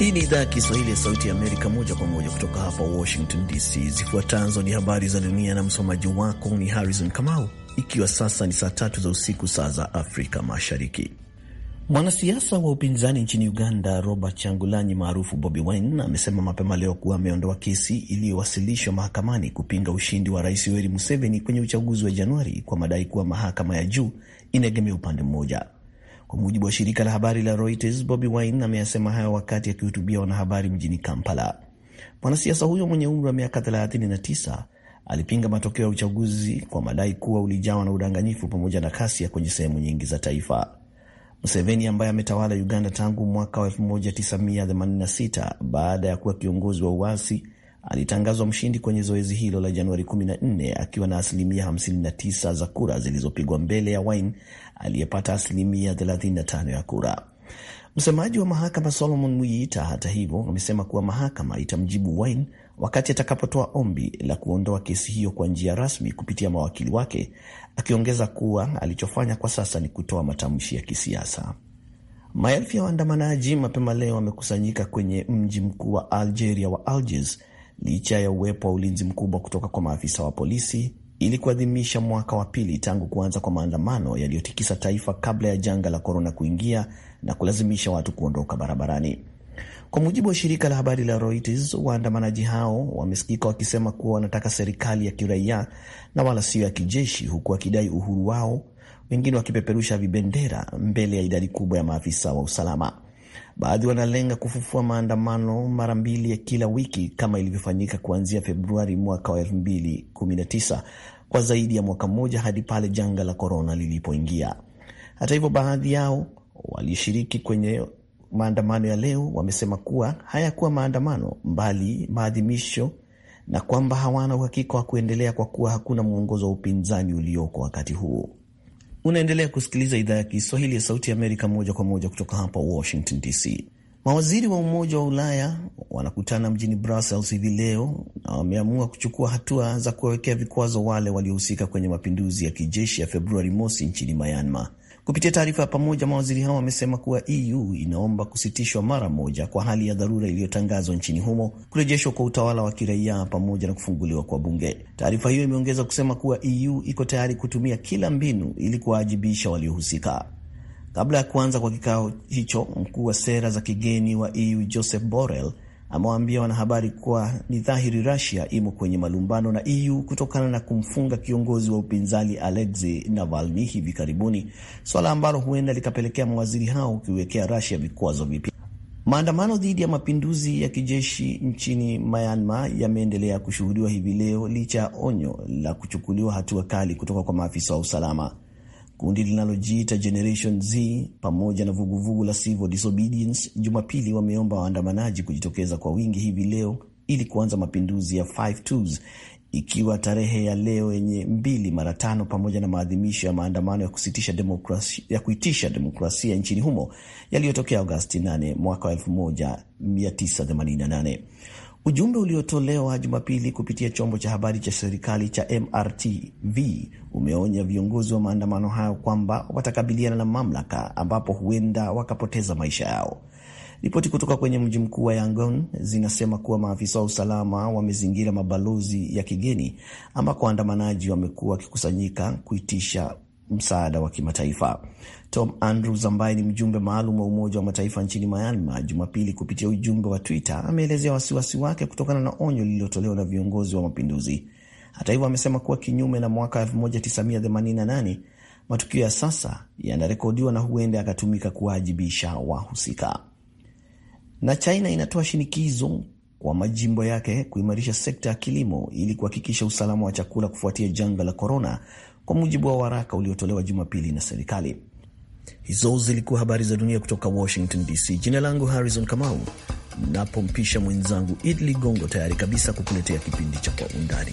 Hii ni idhaa ya Kiswahili ya Sauti ya Amerika, moja kwa moja kutoka hapa Washington DC. Zifuatazo ni habari za dunia na msomaji wako ni Harrison Kamau, ikiwa sasa ni saa tatu za usiku, saa za Afrika Mashariki. Mwanasiasa wa upinzani nchini Uganda Robert Changulanyi maarufu Bobi Wine amesema mapema leo kuwa ameondoa kesi iliyowasilishwa mahakamani kupinga ushindi wa Rais Yoweri Museveni kwenye uchaguzi wa Januari kwa madai kuwa mahakama ya juu inaegemea upande mmoja. Kwa mujibu wa shirika la habari la Reuters, Bobi Wine ameyasema hayo wakati akihutubia wanahabari mjini Kampala. Mwanasiasa huyo mwenye umri wa miaka 39 alipinga matokeo ya uchaguzi kwa madai kuwa ulijawa na udanganyifu pamoja na kasia kwenye sehemu nyingi za taifa. Museveni ambaye ametawala Uganda tangu mwaka wa 1986 baada ya kuwa kiongozi wa uasi alitangazwa mshindi kwenye zoezi hilo la Januari 14 akiwa na asilimia 59 za kura zilizopigwa mbele ya Wine aliyepata asilimia 35 ya kura. Msemaji wa mahakama Solomon Mwiita, hata hivyo, amesema kuwa mahakama itamjibu Wine wakati atakapotoa ombi la kuondoa kesi hiyo kwa njia rasmi kupitia mawakili wake, akiongeza kuwa alichofanya kwa sasa ni kutoa matamshi ya kisiasa. Maelfu ya waandamanaji mapema leo wamekusanyika kwenye mji mkuu wa Algeria wa Algiers licha ya uwepo wa ulinzi mkubwa kutoka kwa maafisa wa polisi ili kuadhimisha mwaka wa pili tangu kuanza kwa maandamano yaliyotikisa taifa kabla ya janga la korona kuingia na kulazimisha watu kuondoka barabarani. Kwa mujibu wa shirika la habari la Reuters, waandamanaji hao wamesikika wakisema kuwa wanataka serikali ya kiraia na wala sio ya kijeshi, huku wakidai uhuru wao, wengine wakipeperusha vibendera mbele ya idadi kubwa ya maafisa wa usalama. Baadhi wanalenga kufufua maandamano mara mbili ya kila wiki kama ilivyofanyika kuanzia Februari mwaka wa 2019 kwa zaidi ya mwaka mmoja hadi pale janga la korona lilipoingia. Hata hivyo, baadhi yao walishiriki kwenye maandamano ya leo wamesema kuwa hayakuwa maandamano mbali maadhimisho na kwamba hawana uhakika wa kuendelea kwa kuwa hakuna mwongozo wa upinzani ulioko wakati huo. Unaendelea kusikiliza idhaa ya Kiswahili ya Sauti ya Amerika moja kwa moja kutoka hapa Washington DC. Mawaziri wa Umoja wa Ulaya wanakutana mjini Brussels hivi leo na wameamua kuchukua hatua za kuwawekea vikwazo wale waliohusika kwenye mapinduzi ya kijeshi ya Februari mosi nchini Myanmar. Kupitia taarifa ya pamoja, mawaziri hao wamesema kuwa EU inaomba kusitishwa mara moja kwa hali ya dharura iliyotangazwa nchini humo, kurejeshwa kwa utawala wa kiraia pamoja na kufunguliwa kwa bunge. Taarifa hiyo imeongeza kusema kuwa EU iko tayari kutumia kila mbinu ili kuwaajibisha waliohusika. Kabla ya kuanza kwa kikao hicho, mkuu wa sera za kigeni wa EU Joseph Borrell amewaambia wanahabari kuwa ni dhahiri rasia imo kwenye malumbano na EU kutokana na kumfunga kiongozi wa upinzani Alexei Navalny hivi karibuni, swala ambalo huenda likapelekea mawaziri hao kuiwekea rasia vikwazo vipya. Maandamano dhidi ya mapinduzi ya kijeshi nchini Myanmar yameendelea kushuhudiwa hivi leo licha ya onyo la kuchukuliwa hatua kali kutoka kwa maafisa wa usalama. Kundi linalojiita Generation Z pamoja na vuguvugu la Civil Disobedience Jumapili wameomba waandamanaji kujitokeza kwa wingi hivi leo ili kuanza mapinduzi ya 5 s ikiwa tarehe ya leo yenye mbili mara tano pamoja na maadhimisho ya maandamano ya kusitisha ya kuitisha demokrasia nchini humo yaliyotokea Agosti 8 mwaka 1988. Ujumbe uliotolewa Jumapili kupitia chombo cha habari cha serikali cha MRTV umeonya viongozi wa maandamano hayo kwamba watakabiliana na mamlaka, ambapo huenda wakapoteza maisha yao. Ripoti kutoka kwenye mji mkuu wa Yangon zinasema kuwa maafisa wa usalama wamezingira mabalozi ya kigeni ambako waandamanaji wamekuwa wakikusanyika kuitisha msaada wa kimataifa. Tom Andrews ambaye ni mjumbe maalum wa Umoja wa Mataifa nchini Myanmar, Jumapili kupitia ujumbe wa Twitter ameelezea wasiwasi wake kutokana na onyo lililotolewa na viongozi wa mapinduzi. Hata hivyo, amesema kuwa kinyume na mwaka 1988 matukio ya sasa yanarekodiwa na huenda yakatumika kuwaajibisha wahusika. Na China inatoa shinikizo kwa majimbo yake kuimarisha sekta ya kilimo ili kuhakikisha usalama wa chakula kufuatia janga la korona kwa mujibu wa waraka uliotolewa Jumapili na serikali. Hizo zilikuwa habari za dunia kutoka Washington DC. Jina langu Harrison Kamau, napompisha mwenzangu Idli Gongo tayari kabisa kukuletea kipindi cha Kwa Undani.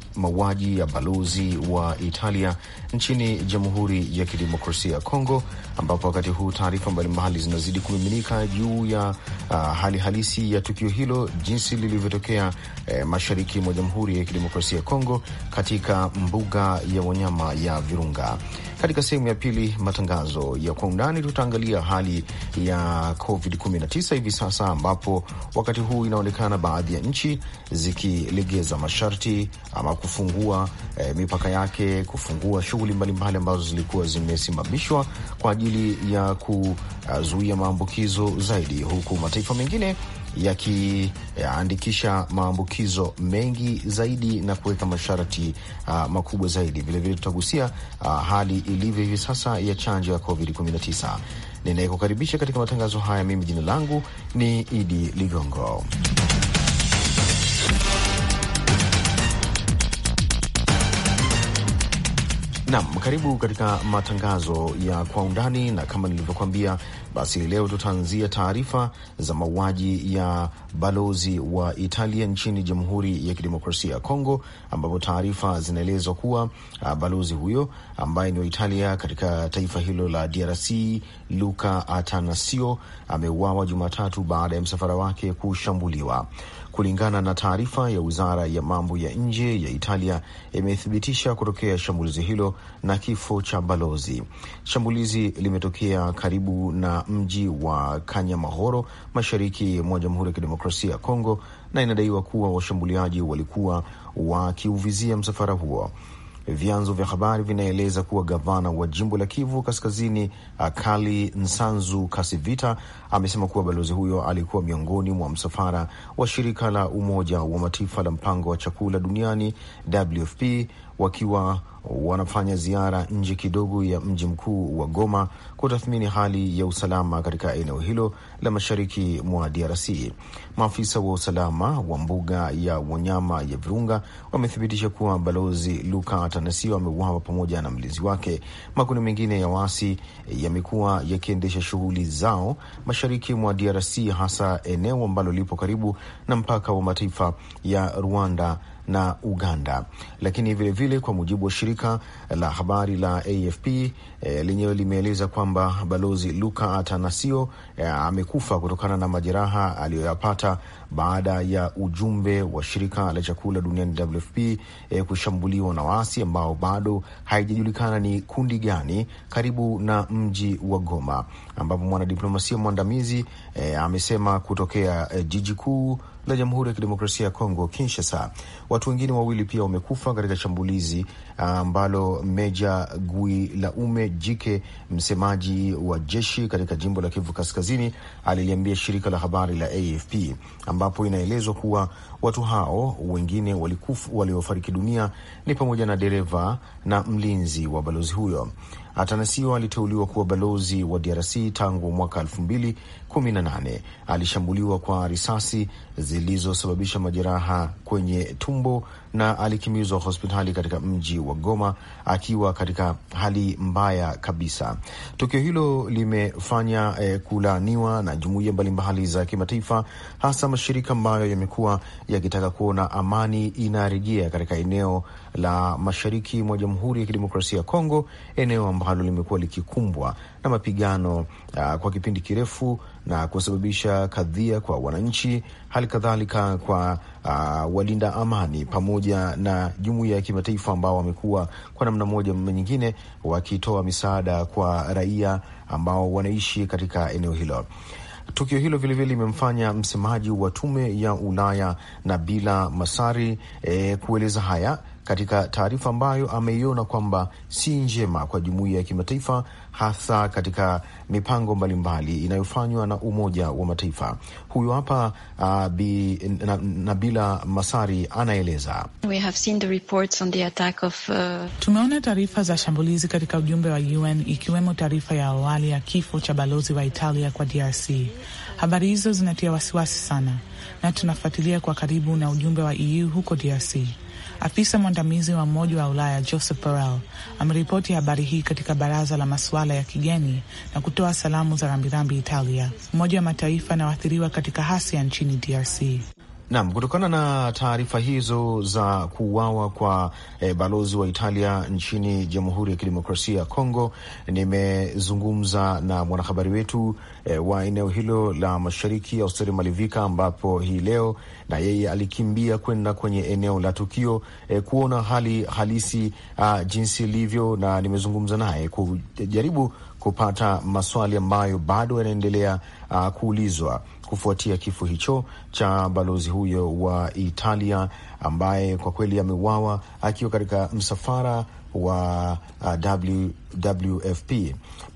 mauaji ya balozi wa Italia nchini Jamhuri ya Kidemokrasia ya Kongo, ambapo wakati huu taarifa mbalimbali zinazidi kumiminika juu ya uh, hali halisi ya tukio hilo jinsi lilivyotokea eh, mashariki mwa Jamhuri ya Kidemokrasia ya Kongo katika mbuga ya wanyama ya Virunga. Katika sehemu ya pili matangazo ya kwa undani, tutaangalia hali ya COVID-19 hivi sasa, ambapo wakati huu inaonekana baadhi ya nchi zikilegeza masharti ama kufungua eh, mipaka yake, kufungua shughuli mbalimbali ambazo zilikuwa zimesimamishwa kwa ajili ya kuzuia maambukizo zaidi, huku mataifa mengine yakiandikisha maambukizo mengi zaidi na kuweka masharti uh, makubwa zaidi. Vilevile tutagusia uh, hali ilivyo hivi sasa ya chanjo ya COVID-19. Ninayekukaribisha katika matangazo haya mimi jina langu ni Idi Ligongo. Naam, karibu katika matangazo ya kwa undani, na kama nilivyokuambia, basi leo tutaanzia taarifa za mauaji ya balozi wa Italia nchini Jamhuri ya Kidemokrasia ya Kongo, ambapo taarifa zinaelezwa kuwa uh, balozi huyo ambaye ni wa Italia katika taifa hilo la DRC Luka Atanasio ameuawa Jumatatu baada ya msafara wake kushambuliwa. Kulingana na taarifa ya wizara ya mambo ya nje ya Italia, imethibitisha kutokea shambulizi hilo na kifo cha balozi. Shambulizi limetokea karibu na mji wa Kanyamahoro, mashariki mwa Jamhuri ya Kidemokrasia ya Kongo, na inadaiwa kuwa washambuliaji walikuwa wakiuvizia msafara huo. Vyanzo vya habari vinaeleza kuwa gavana wa jimbo la Kivu Kaskazini, Akali Nsanzu Kasivita, amesema kuwa balozi huyo alikuwa miongoni mwa msafara wa shirika la Umoja wa Mataifa la mpango wa chakula duniani WFP wakiwa wanafanya ziara nje kidogo ya mji mkuu wa Goma kutathmini hali ya usalama katika eneo hilo la mashariki mwa DRC. Maafisa wa usalama wa mbuga ya wanyama ya Virunga wamethibitisha kuwa balozi Luka Tanasio ameuawa pamoja na mlinzi wake. Makundi mengine ya waasi yamekuwa yakiendesha shughuli zao mashariki mwa DRC, hasa eneo ambalo lipo karibu na mpaka wa mataifa ya Rwanda na Uganda. Lakini vilevile vile kwa mujibu wa shirika la habari la AFP eh, lenyewe limeeleza kwamba balozi Luka Atanasio eh, amekufa kutokana na majeraha aliyoyapata baada ya ujumbe wa shirika la chakula duniani WFP eh, kushambuliwa na waasi ambao bado haijajulikana ni kundi gani karibu na mji wa Goma, ambapo mwanadiplomasia mwandamizi eh, amesema kutokea eh, jiji kuu la Jamhuri ya Kidemokrasia ya Kongo, Kinshasa. Watu wengine wawili pia wamekufa katika shambulizi ah, ambalo Meja Guilaume Jike, msemaji wa jeshi katika jimbo la Kivu Kaskazini, aliliambia shirika la habari la AFP, ambapo inaelezwa kuwa watu hao wengine waliofariki dunia ni pamoja na dereva na mlinzi wa balozi huyo. Atanasio aliteuliwa kuwa balozi wa DRC tangu mwaka nane Alishambuliwa kwa risasi zilizosababisha majeraha kwenye tumbo na alikimizwa hospitali katika mji wa Goma akiwa katika hali mbaya kabisa. Tukio hilo limefanya eh, kulaaniwa na jumuiya mbalimbali za kimataifa, hasa mashirika ambayo yamekuwa yakitaka kuona amani inarejea katika eneo la mashariki mwa Jamhuri ya Kidemokrasia ya Kongo, eneo ambalo limekuwa likikumbwa na mapigano uh, kwa kipindi kirefu na kusababisha kadhia kwa wananchi, hali kadhalika kwa uh, walinda amani pamoja na jumuiya ya kimataifa ambao wamekuwa kwa namna moja ama nyingine wakitoa misaada kwa raia ambao wanaishi katika eneo hilo. Tukio hilo vilevile limemfanya msemaji wa tume ya Ulaya Nabila Masari e, kueleza haya katika taarifa ambayo ameiona kwamba si njema kwa jumuiya ya kimataifa, hasa katika mipango mbalimbali inayofanywa na Umoja wa Mataifa. Huyu hapa uh, Bi, na, Nabila Masari anaeleza. We have seen the reports on the attack of, uh... tumeona taarifa za shambulizi katika ujumbe wa UN ikiwemo taarifa ya awali ya kifo cha balozi wa Italia kwa DRC. Habari hizo zinatia wasiwasi sana na tunafuatilia kwa karibu na ujumbe wa EU huko DRC. Afisa mwandamizi wa mmoja wa Ulaya Joseph Borrell ameripoti habari hii katika baraza la masuala ya kigeni na kutoa salamu za rambirambi Italia, mmoja wa Mataifa anaoathiriwa katika hasia nchini DRC. Naam, kutokana na taarifa hizo za kuuawa kwa e, balozi wa Italia nchini Jamhuri ya Kidemokrasia ya Kongo, nimezungumza na mwanahabari wetu e, wa eneo hilo la mashariki Austeri Malivika, ambapo hii leo na yeye alikimbia kwenda kwenye eneo la tukio e, kuona hali halisi a, ah, jinsi ilivyo, na nimezungumza naye kujaribu kupata maswali ambayo bado yanaendelea ah, kuulizwa kufuatia kifo hicho cha balozi huyo wa Italia ambaye kwa kweli ameuawa akiwa katika msafara wa uh, WFP.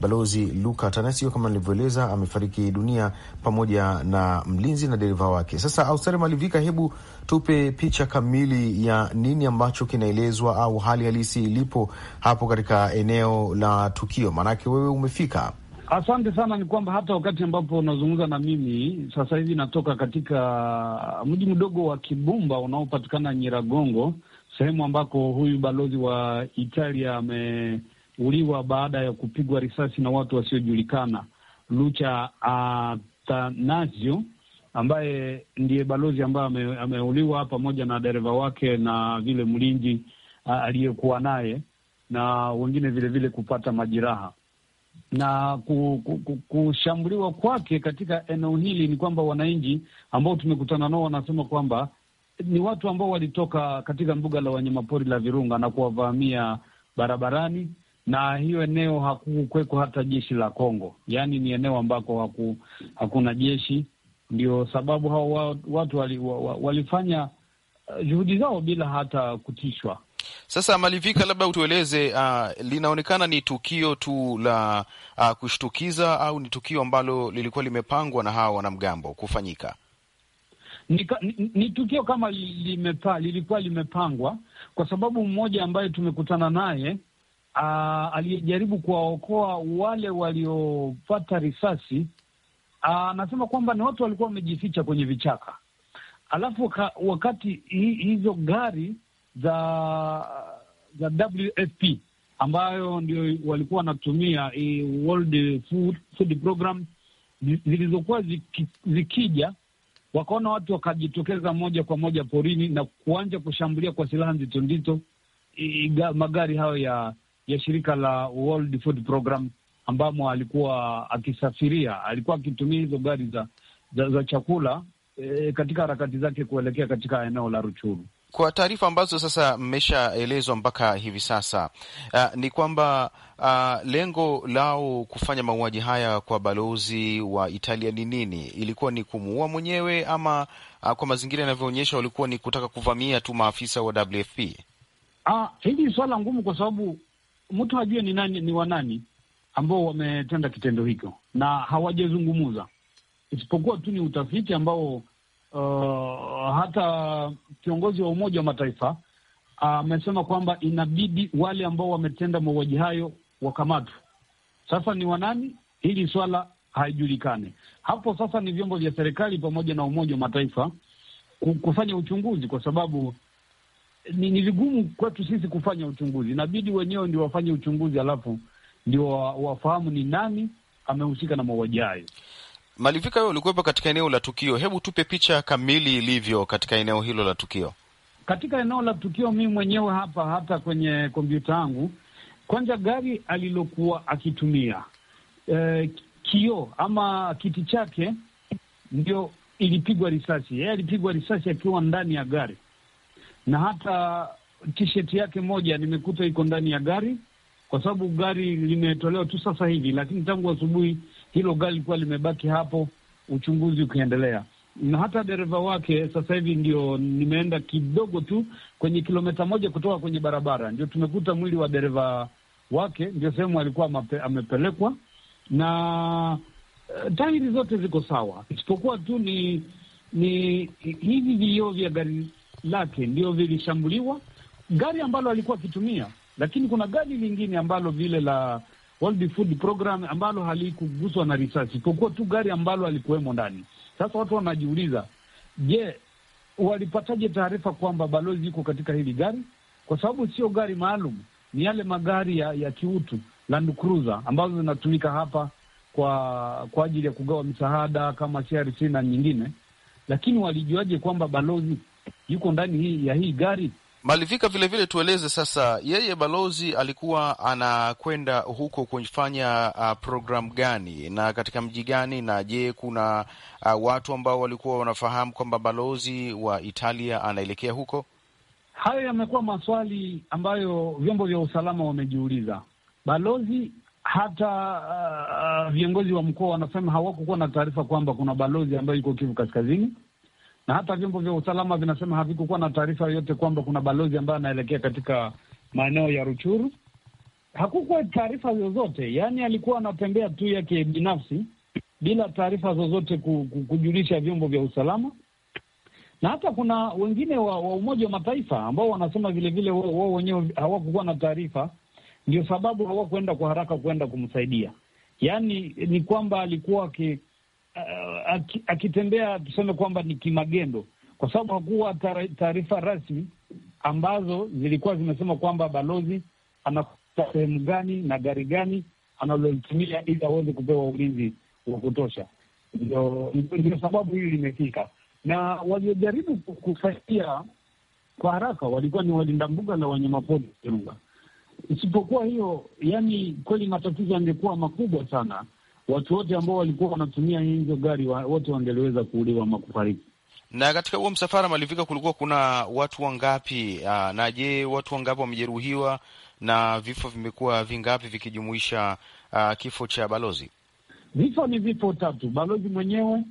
Balozi Luka Tanasio, kama nilivyoeleza, amefariki dunia pamoja na mlinzi na dereva wake. Sasa Austari Malivika, hebu tupe picha kamili ya nini ambacho kinaelezwa au hali halisi ilipo hapo katika eneo la tukio, maanake wewe umefika. Asante sana. Ni kwamba hata wakati ambapo unazungumza na mimi sasa hivi natoka katika mji mdogo wa Kibumba unaopatikana Nyiragongo, sehemu ambako huyu balozi wa Italia ameuliwa baada ya kupigwa risasi na watu wasiojulikana. Lucha Atanasio ambaye ndiye balozi ambaye ame, ameuliwa pamoja na dereva wake na vile mlinzi aliyekuwa naye na wengine vilevile kupata majeraha na kushambuliwa kwake katika eneo hili ni kwamba wananchi ambao tumekutana nao wanasema kwamba ni watu ambao walitoka katika mbuga la wanyamapori la Virunga na kuwavamia barabarani, na hiyo eneo hakukweko hata jeshi la Kongo, yaani ni eneo ambako haku, hakuna jeshi. Ndio sababu hao watu wali, walifanya eh, juhudi zao bila hata kutishwa. Sasa Malivika, labda utueleze uh, linaonekana ni tukio tu la uh, kushtukiza au ni tukio ambalo lilikuwa limepangwa na hawa wanamgambo kufanyika? Ni, ni, ni tukio kama limepa, lilikuwa limepangwa kwa sababu mmoja ambaye tumekutana naye uh, aliyejaribu kuwaokoa wale waliopata risasi uh, anasema uh, kwamba ni watu walikuwa wamejificha kwenye vichaka, alafu waka, wakati hi, hizo gari za za WFP ambayo ndio walikuwa wanatumia eh, World Food, Food Program zilizokuwa ziki, zikija wakaona watu wakajitokeza moja kwa moja porini na kuanja kushambulia kwa silaha nzito nzito eh, magari hayo ya ya shirika la World Food Program ambamo alikuwa akisafiria, alikuwa akitumia hizo gari za, za, za chakula e, katika harakati zake kuelekea katika eneo la Ruchuru. Kwa taarifa ambazo sasa mmeshaelezwa mpaka hivi sasa, uh, ni kwamba uh, lengo lao kufanya mauaji haya kwa balozi wa Italia ni nini? Ilikuwa ni kumuua mwenyewe ama, uh, kwa mazingira yanavyoonyesha, walikuwa ni kutaka kuvamia tu maafisa wa WFP? Ah, hili ni swala ngumu, kwa sababu mtu hajue ni nani, ni wanani ambao wametenda kitendo hicho, na hawajazungumuza, isipokuwa tu ni utafiti ambao uh, hata kiongozi wa Umoja wa Mataifa uh, amesema uh, kwamba inabidi wale ambao wametenda mauaji hayo wakamatwe. Sasa ni wanani hili swala haijulikani. Hapo sasa ni vyombo vya serikali pamoja na Umoja wa Mataifa kufanya uchunguzi, kwa sababu ni, ni vigumu kwetu sisi kufanya uchunguzi. Inabidi wenyewe ndio wafanye uchunguzi, alafu ndio wafahamu ni nani amehusika na mauaji hayo. Malivika, wewe ulikuwepo katika eneo la tukio, hebu tupe picha kamili ilivyo katika eneo hilo la tukio. Katika eneo la tukio, mimi mwenyewe hapa, hata kwenye kompyuta yangu, kwanza gari alilokuwa akitumia e, kioo ama kiti chake ndio ilipigwa risasi. Yeye alipigwa risasi akiwa ndani ya gari, na hata tisheti yake moja nimekuta iko ndani ya gari, kwa sababu gari limetolewa tu sasa hivi, lakini tangu asubuhi hilo gari lilikuwa limebaki hapo, uchunguzi ukiendelea na hata dereva wake sasa hivi ndio nimeenda kidogo tu kwenye kilomita moja kutoka kwenye barabara, ndio tumekuta mwili wa dereva wake, ndio sehemu alikuwa amepelekwa, na eh, tairi zote ziko sawa, isipokuwa tu ni ni hivi vioo vya gari lake ndio vilishambuliwa, gari ambalo alikuwa akitumia. Lakini kuna gari lingine ambalo vile la World Food Program ambalo halikuguswa na risasi isipokuwa tu gari ambalo alikuwemo ndani. Sasa watu wanajiuliza, je, walipataje taarifa kwamba balozi yuko katika hili gari? Kwa sababu sio gari maalum, ni yale magari ya, ya kiutu Land Cruiser ambazo zinatumika hapa kwa kwa ajili ya kugawa misaada kama CRC na nyingine. Lakini walijuaje kwamba balozi yuko ndani hii ya hii gari? Malivika, vilevile tueleze sasa, yeye balozi alikuwa anakwenda huko kufanya uh, programu gani na katika mji gani? Na je, kuna uh, watu ambao walikuwa wanafahamu kwamba balozi wa Italia anaelekea huko? Hayo yamekuwa maswali ambayo vyombo vya usalama wamejiuliza. Balozi hata uh, uh viongozi wa mkoa wanasema hawakukuwa na taarifa kwamba kuna balozi ambayo yuko Kivu Kaskazini, na hata vyombo vya usalama vinasema havikukuwa na taarifa yoyote kwamba kuna balozi ambaye anaelekea katika maeneo ya Ruchuru. Hakukuwa taarifa zozote, yaani alikuwa anatembea tu yake binafsi bila taarifa zozote kujulisha vyombo vya usalama. Na hata kuna wengine wa, wa Umoja wa Mataifa ambao wanasema vilevile wao wenyewe hawakukuwa na taarifa, ndio sababu hawakuenda kwa haraka kuenda kumsaidia. Yaani ni kwamba alikuwa uh, akitembea tuseme kwamba ni kimagendo, kwa sababu hakuwa taarifa rasmi ambazo zilikuwa zimesema kwamba balozi anakuta sehemu gani na gari gani analolitumia ili aweze kupewa ulinzi wa kutosha. Ndio sababu hili limefika, na waliojaribu kufaidia kwa haraka walikuwa ni walinda mbuga la wanyamapori Virunga. Isipokuwa hiyo, yani kweli matatizo yangekuwa makubwa sana watu wote ambao walikuwa wanatumia hizo gari wote wangeliweza kuuliwa ama kufariki. Na katika huo msafara malifika, kulikuwa kuna watu wangapi? Ah, na je, watu wangapi wamejeruhiwa na vifo vimekuwa vingapi vikijumuisha uh, kifo cha balozi? Vifo ni vifo tatu: balozi mwenyewe,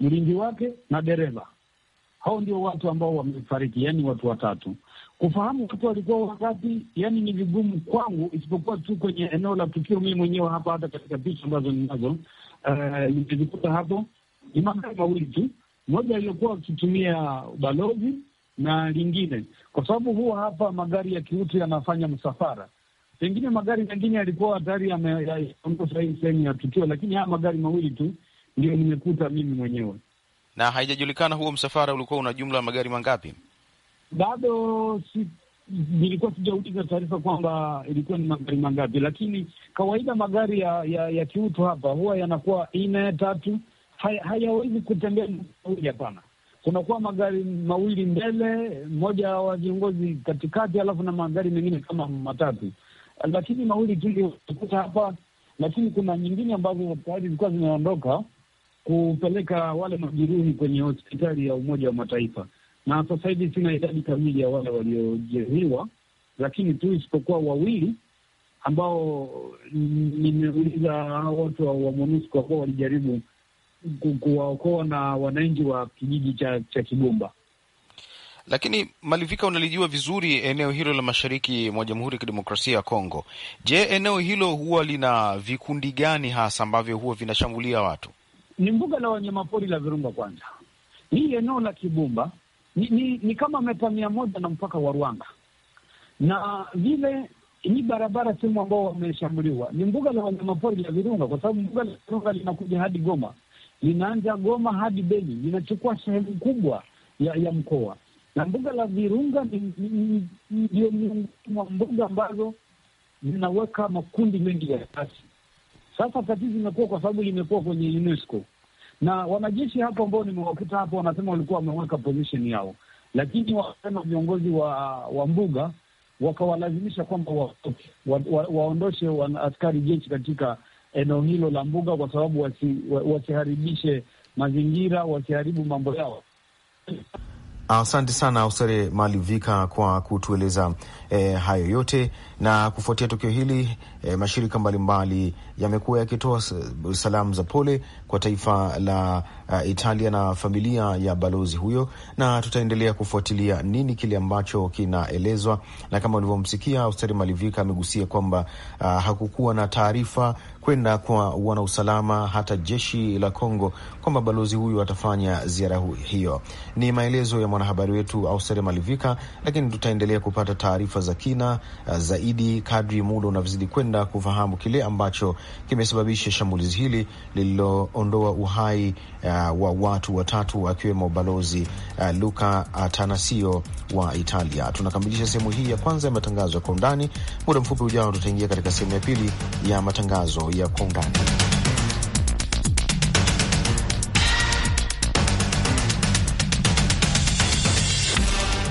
mlinzi wake na dereva. Hao ndio watu ambao wamefariki, yaani watu watatu kufahamu watu walikuwa wangapi, yani ni vigumu kwangu, isipokuwa tu kwenye eneo la tukio. Mii mwenyewe hapa, hata katika picha ambazo ninazo eh, nimezikuta uh, hapo ni magari mawili tu, moja aliyokuwa wakitumia balozi na lingine, kwa sababu huwa hapa magari ya kiutu yanafanya msafara. Pengine magari mengine yalikuwa tayari yameondoka hii sehemu ya tukio, lakini haya magari mawili tu ndio nimekuta mimi mwenyewe, na haijajulikana huo msafara ulikuwa una jumla ya magari mangapi bado si, nilikuwa sijauliza taarifa kwamba ilikuwa ni magari mangapi, lakini kawaida magari ya, ya, ya kiutu hapa huwa yanakuwa ine tatu, hayawezi kutembea mawili. Hapana, kunakuwa magari mawili mbele, mmoja wa viongozi katikati, alafu na magari mengine kama matatu, lakini mawili tu hapa, lakini kuna nyingine ambazo tayari zilikuwa zimeondoka kupeleka wale majeruhi kwenye hospitali ya Umoja wa Mataifa na sasa hivi sina idadi kamili ya wale waliojeruhiwa, lakini tu isipokuwa wawili ambao nimeuliza watu wa, wa MONUSCO ambao walijaribu kuwaokoa na wananchi wa kijiji cha, cha Kigumba. Lakini Malivika, unalijua vizuri eneo hilo la mashariki mwa Jamhuri ya Kidemokrasia ya Kongo. Je, eneo hilo huwa lina vikundi gani hasa ambavyo huwa vinashambulia watu? Ni mbuga la wanyamapori la Virunga. Kwanza hii eneo la Kibumba ni, ni, ni kama meta mia moja na mpaka wa Rwanda, na vile hii barabara sehemu ambao wameshambuliwa ni mbuga la wanyamapori la Virunga, kwa sababu mbuga la Virunga linakuja hadi Goma, linaanza Goma hadi Beni, linachukua sehemu kubwa ya, ya mkoa na mbuga la Virunga ndio miongoni mwa mbuga ambazo zinaweka makundi mengi ya asi Sasa tatizo imekuwa kwa sababu limekuwa kwenye UNESCO na wanajeshi hapo ambao nimewakuta hapo wanasema walikuwa wameweka position yao, lakini wakasema viongozi wa, wa mbuga wakawalazimisha kwamba waondoke wa, wa, waondoshe wa askari jeshi katika eneo hilo la mbuga kwa sababu wasi, wasiharibishe mazingira, wasiharibu mambo yao. Asante sana Austere Malivika kwa kutueleza eh, hayo yote na kufuatia tukio hili e, mashirika mbalimbali yamekuwa yakitoa salamu za pole kwa taifa la uh, Italia na familia ya balozi huyo, na tutaendelea kufuatilia nini kile ambacho kinaelezwa. Na kama ulivyomsikia Austeri Malivika amegusia kwamba uh, hakukuwa na taarifa kwenda kwa wanausalama hata jeshi la Kongo kwamba balozi huyu atafanya ziara hiyo. Ni maelezo ya mwanahabari wetu Austeri Malivika, lakini tutaendelea kupata taarifa za kina zaidi zaidi kadri muda unavyozidi kwenda kufahamu kile ambacho kimesababisha shambulizi hili lililoondoa uhai uh, wa watu watatu akiwemo balozi uh, Luka Atanasio wa Italia. Tunakamilisha sehemu hii ya kwanza ya matangazo ya kwa undani. Muda mfupi ujao, tutaingia katika sehemu ya pili ya matangazo ya kwa undani.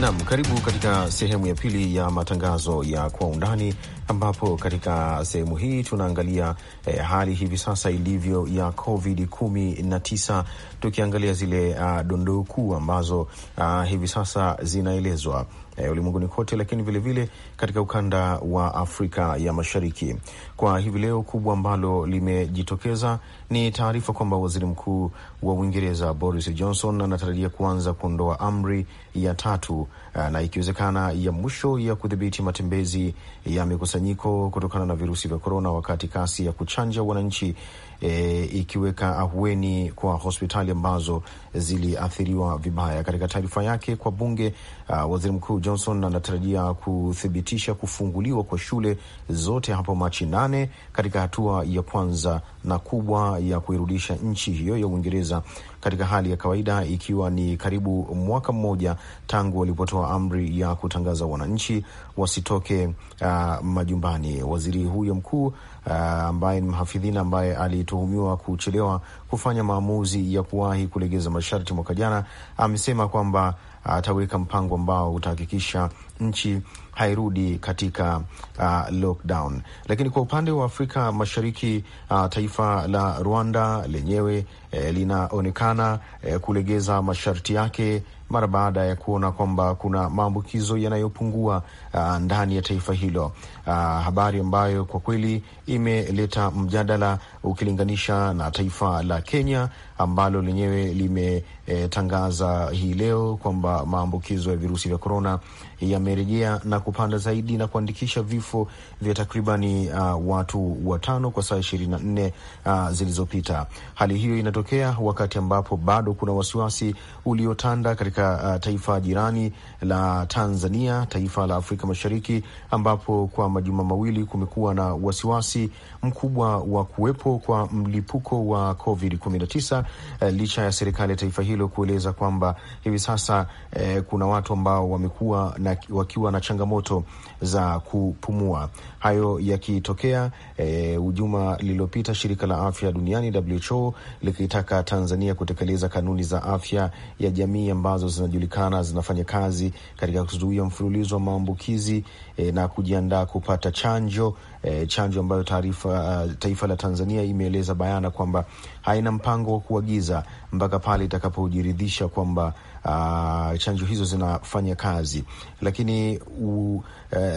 Naam, karibu katika sehemu ya pili ya matangazo ya kwa undani ambapo katika sehemu hii tunaangalia eh, hali hivi sasa ilivyo ya COVID 19 tukiangalia zile uh, ah, dondoo kuu ambazo uh, hivi sasa zinaelezwa eh, ulimwenguni kote, lakini vilevile vile katika ukanda wa Afrika ya Mashariki. Kwa hivi leo kubwa ambalo limejitokeza ni taarifa kwamba waziri mkuu wa Uingereza Boris Johnson anatarajia kuanza kuondoa amri ya tatu Eh, na ikiwezekana ya mwisho ya kudhibiti matembezi ya mikusanyiko kutokana na virusi vya korona, wakati kasi ya kuchanja wananchi e, ikiweka ahueni kwa hospitali ambazo ziliathiriwa vibaya. Katika taarifa yake kwa bunge a, eh, waziri mkuu Johnson anatarajia kuthibitisha kufunguliwa kwa shule zote hapo Machi nane katika hatua ya kwanza na kubwa ya kuirudisha nchi hiyo ya Uingereza katika hali ya kawaida, ikiwa ni karibu mwaka mmoja tangu walipotoa amri ya kutangaza wananchi wasitoke uh, majumbani. Waziri huyo mkuu uh, ambaye ni mhafidhina ambaye alituhumiwa kuchelewa kufanya maamuzi ya kuwahi kulegeza masharti mwaka jana amesema kwamba ataweka mpango ambao utahakikisha nchi hairudi katika uh, lockdown. Lakini kwa upande wa Afrika Mashariki uh, taifa la Rwanda lenyewe eh, linaonekana eh, kulegeza masharti yake mara baada ya kuona kwamba kuna maambukizo yanayopungua uh, ndani ya taifa hilo uh, habari ambayo kwa kweli imeleta mjadala ukilinganisha na taifa la Kenya ambalo lenyewe limetangaza e, hii leo kwamba maambukizo ya virusi vya korona yamerejea na kupanda zaidi na kuandikisha vifo vya takribani uh, watu watano kwa saa ishirini na nne uh, zilizopita. Hali hiyo inatokea wakati ambapo bado kuna wasiwasi uliotanda katika uh, taifa jirani la Tanzania, taifa la Afrika Mashariki ambapo kwa majuma mawili kumekuwa na wasiwasi mkubwa wa kuwepo kwa mlipuko wa COVID-19 eh, licha ya serikali ya taifa hilo kueleza kwamba hivi sasa eh, kuna watu ambao wamekuwa na, wakiwa na changamoto za kupumua. Hayo yakitokea eh, juma lililopita shirika la afya duniani WHO likitaka Tanzania kutekeleza kanuni za afya ya jamii ambazo zinajulikana zinafanya kazi katika kuzuia mfululizo wa maambukizi eh, na kujiandaa kupata chanjo e, chanjo ambayo taarifa eh, taifa la Tanzania imeeleza bayana kwamba haina mpango wa kuagiza mpaka pale itakapojiridhisha kwamba Uh, chanjo hizo zinafanya kazi lakini, u, uh,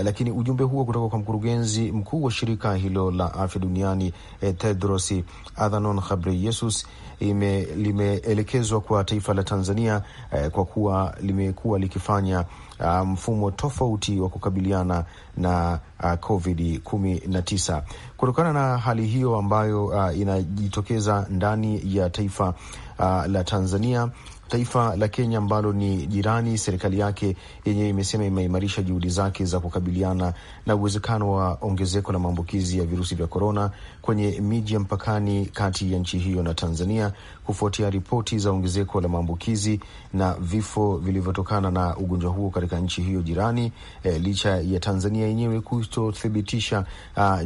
lakini ujumbe huo kutoka kwa mkurugenzi mkuu wa shirika hilo la afya duniani eh, Tedros Adhanom Ghebreyesus limeelekezwa kwa taifa la Tanzania eh, kwa kuwa limekuwa likifanya uh, mfumo tofauti wa kukabiliana na uh, ah, COVID 19. Kutokana na hali hiyo ambayo uh, inajitokeza ndani ya taifa uh, la Tanzania taifa la Kenya ambalo ni jirani, serikali yake yenyewe imesema imeimarisha juhudi zake za kukabiliana na uwezekano wa ongezeko la maambukizi ya virusi vya korona kwenye miji ya mpakani kati ya nchi hiyo na Tanzania kufuatia ripoti za ongezeko la maambukizi na vifo vilivyotokana na ugonjwa huo katika nchi hiyo jirani, e, licha ya Tanzania yenyewe kutothibitisha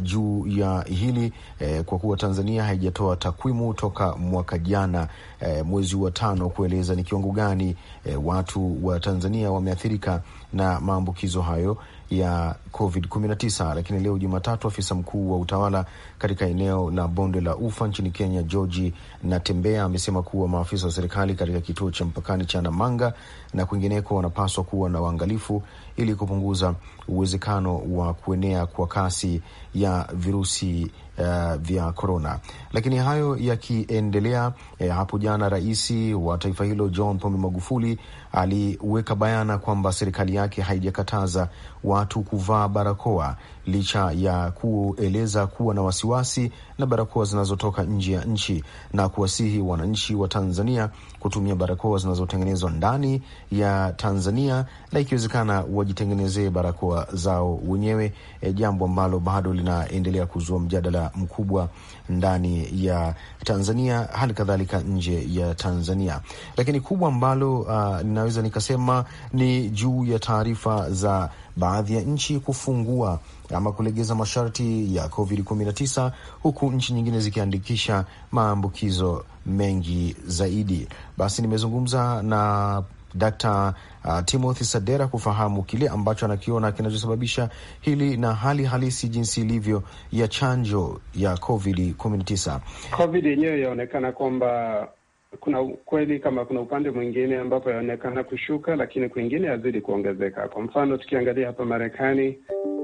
juu ya hili e, kwa kuwa Tanzania haijatoa takwimu toka mwaka jana e, mwezi wa tano kueleza ni kiwango gani e, watu wa Tanzania wameathirika na maambukizo hayo ya COVID-19. Lakini leo Jumatatu, afisa mkuu wa utawala katika eneo la bonde la ufa nchini Kenya, georgi Natembea, amesema kuwa maafisa wa serikali katika kituo cha mpakani cha Namanga na kwingineko wanapaswa kuwa na uangalifu ili kupunguza uwezekano wa kuenea kwa kasi ya virusi Uh, vya korona. Lakini hayo yakiendelea, eh, hapo jana rais wa taifa hilo John Pombe Magufuli aliweka bayana kwamba serikali yake haijakataza watu kuvaa wamevaa barakoa licha ya kueleza kuwa na wasiwasi na barakoa zinazotoka nje ya nchi na kuwasihi wananchi wa Tanzania kutumia barakoa zinazotengenezwa ndani ya Tanzania na ikiwezekana wajitengenezee barakoa zao wenyewe, e, jambo ambalo bado linaendelea kuzua mjadala mkubwa ndani ya Tanzania, hali kadhalika nje ya Tanzania. Lakini kubwa ambalo linaweza uh, nikasema ni juu ya taarifa za baadhi ya nchi kufungua ama kulegeza masharti ya COVID-19 huku nchi nyingine zikiandikisha maambukizo mengi zaidi. Basi nimezungumza na uh, Timothy Sadera kufahamu kile ambacho anakiona kinachosababisha hili na hali halisi jinsi ilivyo ya chanjo ya COVID-19. COVID yenyewe yaonekana kwamba kuna ukweli kama kuna upande mwingine ambapo yaonekana kushuka, lakini kwingine yazidi kuongezeka. Kwa mfano, tukiangalia hapa Marekani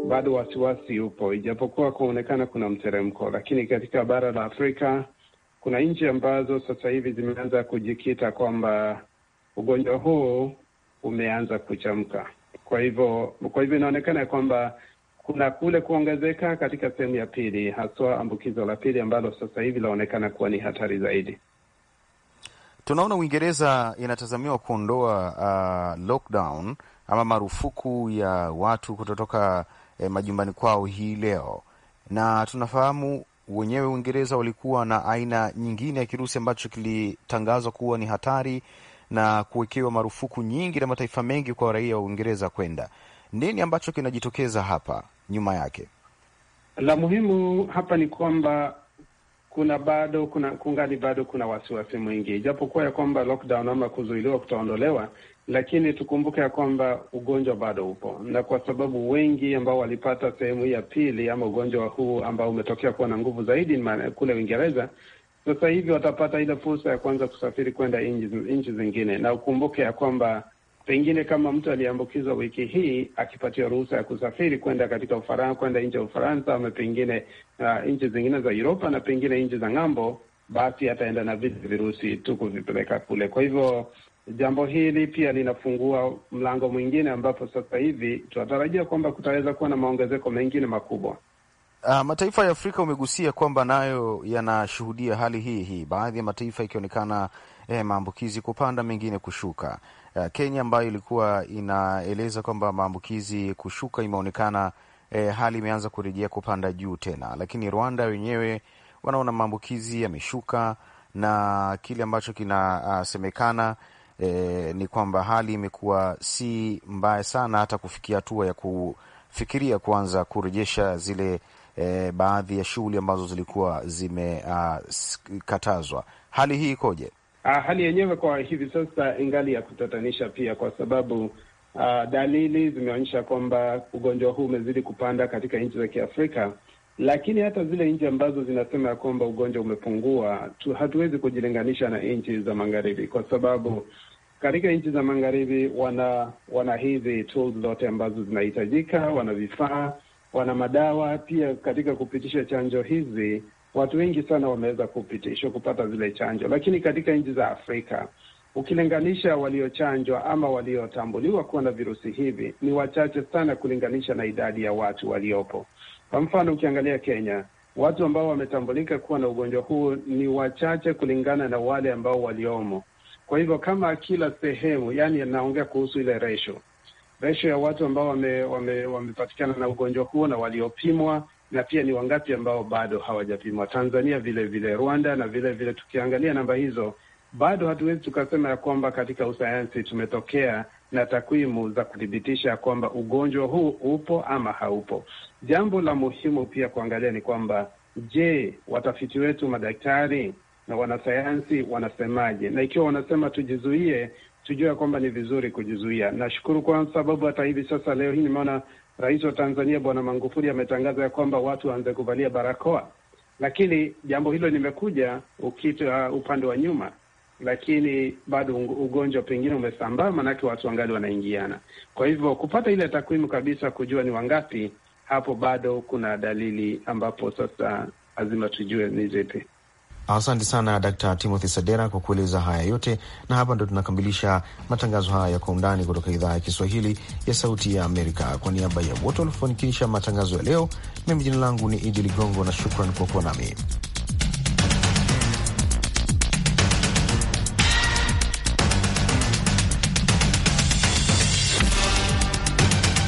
bado wasiwasi upo, ijapokuwa kuonekana kuna mteremko, lakini katika bara la Afrika kuna nchi ambazo sasa hivi zimeanza kujikita kwamba ugonjwa huu umeanza kuchamka. Kwa hivyo kwa hivyo inaonekana ya kwamba kuna kule kuongezeka katika sehemu ya pili, haswa ambukizo la pili ambalo sasa hivi laonekana kuwa ni hatari zaidi. Tunaona Uingereza inatazamiwa kuondoa uh, lockdown ama marufuku ya watu kutotoka eh, majumbani kwao hii leo, na tunafahamu wenyewe Uingereza walikuwa na aina nyingine ya kirusi ambacho kilitangazwa kuwa ni hatari na kuwekewa marufuku nyingi na mataifa mengi kwa raia wa Uingereza kwenda. Nini ambacho kinajitokeza hapa nyuma yake? La muhimu hapa ni kwamba kuna bado kuna kungali bado kuna wasiwasi mwingi, ijapokuwa ya kwamba lockdown ama kuzuiliwa kutaondolewa, lakini tukumbuke ya kwamba ugonjwa bado upo, na kwa sababu wengi ambao walipata sehemu ya pili ama ugonjwa huu ambao umetokea kuwa na nguvu zaidi kule Uingereza, sasa hivi watapata ile fursa ya kwanza kusafiri kwenda nchi zingine, na ukumbuke ya kwamba pengine kama mtu aliyeambukizwa wiki hii akipatiwa ruhusa ya kusafiri kwenda katika Ufaransa, kwenda nje ya Ufaransa ama pengine uh, nchi zingine za Uropa na pengine nchi za ng'ambo, basi ataenda na vile virusi tu kuvipeleka kule. Kwa hivyo jambo hili pia linafungua mlango mwingine ambapo sasa hivi tunatarajia kwamba kutaweza kuwa na maongezeko mengine makubwa. Uh, mataifa ya Afrika umegusia kwamba nayo yanashuhudia hali hii hii, baadhi ya mataifa ikionekana eh, maambukizi kupanda, mengine kushuka. Kenya ambayo ilikuwa inaeleza kwamba maambukizi kushuka, imeonekana e, hali imeanza kurejea kupanda juu tena, lakini Rwanda wenyewe wanaona maambukizi yameshuka na kile ambacho kinasemekana e, ni kwamba hali imekuwa si mbaya sana hata kufikia hatua ya kufikiria kuanza kurejesha zile e, baadhi ya shughuli ambazo zilikuwa zimekatazwa. Hali hii ikoje? Ah, hali yenyewe kwa hivi sasa ingali ya kutatanisha pia, kwa sababu ah, dalili zimeonyesha kwamba ugonjwa huu umezidi kupanda katika nchi za Kiafrika, lakini hata zile nchi ambazo zinasema ya kwamba ugonjwa umepungua tu, hatuwezi kujilinganisha na nchi za magharibi, kwa sababu katika nchi za magharibi wana wana hizi tools zote ambazo zinahitajika, wana vifaa, wana madawa pia. Katika kupitisha chanjo hizi watu wengi sana wameweza kupitishwa kupata zile chanjo, lakini katika nchi za Afrika ukilinganisha waliochanjwa ama waliotambuliwa kuwa na virusi hivi ni wachache sana kulinganisha na idadi ya watu waliopo. Kwa mfano, ukiangalia Kenya, watu ambao wametambulika kuwa na ugonjwa huu ni wachache kulingana na wale ambao waliomo. Kwa hivyo kama kila sehemu, yani naongea kuhusu ile resho resho ya watu ambao wamepatikana wame, wame na ugonjwa huo na waliopimwa na pia ni wangapi ambao bado hawajapimwa Tanzania vile vile, Rwanda na vile vile. Tukiangalia namba hizo, bado hatuwezi tukasema ya kwamba katika usayansi tumetokea na takwimu za kuthibitisha ya kwamba ugonjwa huu upo ama haupo. Jambo la muhimu pia kuangalia ni kwamba, je, watafiti wetu madaktari na wanasayansi wanasemaje? Na ikiwa wanasema tujizuie, tujue ya kwamba ni vizuri kujizuia. Nashukuru kwa sababu hata hivi sasa leo hii nimeona Rais wa Tanzania Bwana Magufuli ametangaza ya kwamba watu waanze kuvalia barakoa, lakini jambo hilo limekuja ukita uh, upande wa nyuma, lakini bado ugonjwa pengine umesambaa, maanake watu wangali wanaingiana. Kwa hivyo kupata ile takwimu kabisa kujua ni wangapi, hapo bado kuna dalili ambapo sasa lazima tujue ni zipi. Asante sana Dkt Timothy Sadera kwa kueleza haya yote, na hapa ndo tunakamilisha matangazo haya ya Kwa Undani kutoka idhaa ya Kiswahili ya Sauti ya Amerika. Kwa niaba ya wote waliofanikisha matangazo ya leo, mimi jina langu ni Idi Ligongo na shukran kwa kuwa nami.